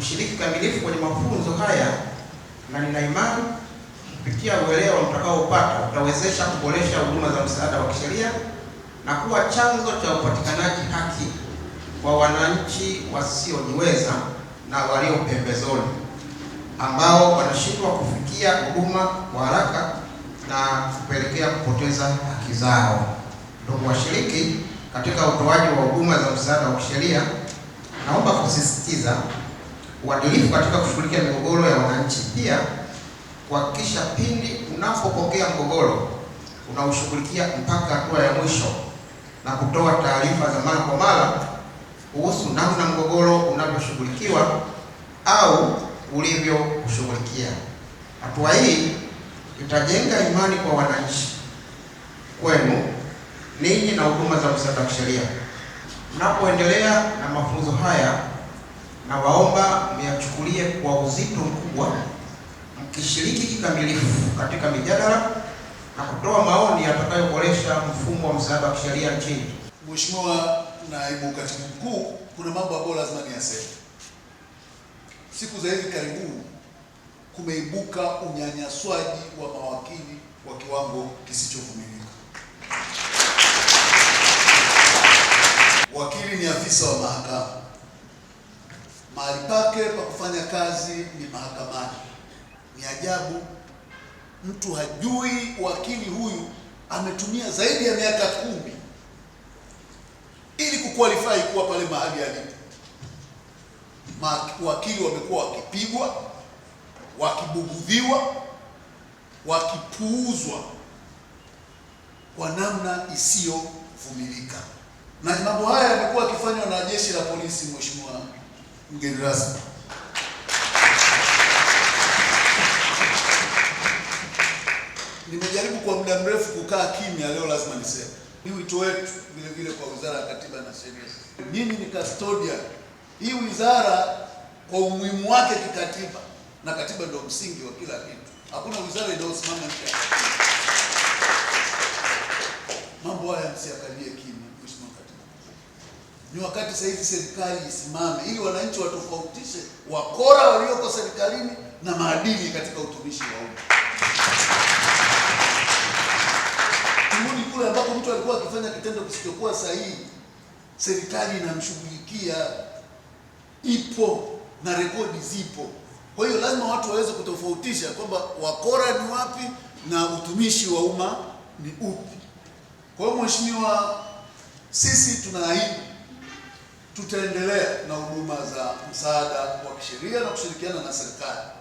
kushiriki kamilifu kwenye mafunzo haya, na nina imani kupitia uelewa mtakaopata utawezesha kuboresha huduma za msaada wa kisheria na kuwa chanzo cha upatikanaji haki kwa wananchi wasiojiweza na walio pembezoni ambao wanashindwa kufikia huduma kwa haraka na kupelekea kupoteza haki zao. Ndugu washiriki, katika utoaji wa huduma za msaada wa kisheria, naomba kusisitiza uadilifu katika kushughulikia migogoro ya wananchi, pia kuhakikisha pindi unapopokea mgogoro unaushughulikia mpaka hatua ya mwisho na kutoa taarifa za mara kwa mara kuhusu namna mgogoro unavyoshughulikiwa au ulivyoshughulikia. Hatua hii itajenga imani kwa wananchi kwenu ninyi na huduma za msaada wa kisheria. Mnapoendelea na mafunzo haya nawaomba myachukulie kwa uzito mkubwa, mkishiriki kikamilifu katika mijadala na kutoa maoni yatakayoboresha mfumo wa msaada wa kisheria nchini. Mheshimiwa Naibu Katibu Mkuu, kuna mambo ambayo lazima niyaseme. Siku za hivi karibuni kumeibuka unyanyaswaji wa mawakili wa kiwango kisichovumilika. Wakili ni afisa wa mahakama mahali pake pa kufanya kazi ni mahakamani. Ni ajabu mtu hajui wakili huyu ametumia zaidi ya miaka kumi ili kuqualify kuwa pale mahali alipo. wakili wamekuwa wakipigwa, wakibugudhiwa, wakipuuzwa kwa namna isiyovumilika, na mambo haya yamekuwa yakifanywa na jeshi la polisi, mheshimiwa mgeni rasmi. Nimejaribu kwa muda mrefu kukaa kimya, leo lazima niseme. Ni wito wetu vile vile kwa Wizara ya Katiba na Sheria. Mimi ni custodian hii wizara kwa umuhimu wake kikatiba, na katiba ndio msingi wa kila kitu. Hakuna wizara inayosimama nje ya katiba. Mambo haya msiakalie kimya. Ni wakati sasa hivi serikali isimame ili wananchi watofautishe wakora walioko serikalini na maadili katika utumishi wa umma. Kurudi kule ambapo mtu alikuwa akifanya kitendo kisichokuwa sahihi, serikali inamshughulikia, ipo na rekodi zipo. Kwa hiyo lazima watu waweze kutofautisha kwamba wakora ni wapi na utumishi wa umma ni upi. Kwa hiyo, mheshimiwa, sisi tunaahidi tutaendelea na huduma za msaada wa kisheria na kushirikiana na serikali.